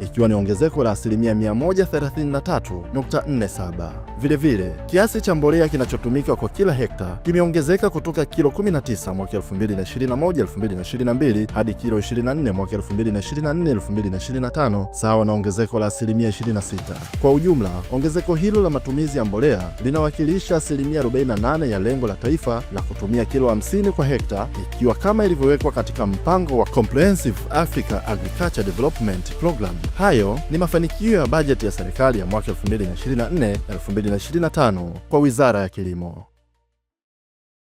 ikiwa ni ongezeko la asilimia 133.47. Vilevile, kiasi cha mbolea kinachotumika kwa kila hekta kimeongezeka kutoka kilo 19 mwaka 2021-2022 hadi kilo 24 mwaka 2024-2025, sawa na ongezeko la asilimia 26. Kwa ujumla, ongezeko hilo la matumizi ya mbolea linawakilisha asilimia 48 ya lengo la taifa la kutumia kilo 50 kwa hekta, ikiwa kama ilivyowekwa katika mpango wa Comprehensive Africa Agriculture Development Program. Hayo ni mafanikio ya bajeti ya serikali ya mwaka 2024-2025 kwa Wizara ya Kilimo.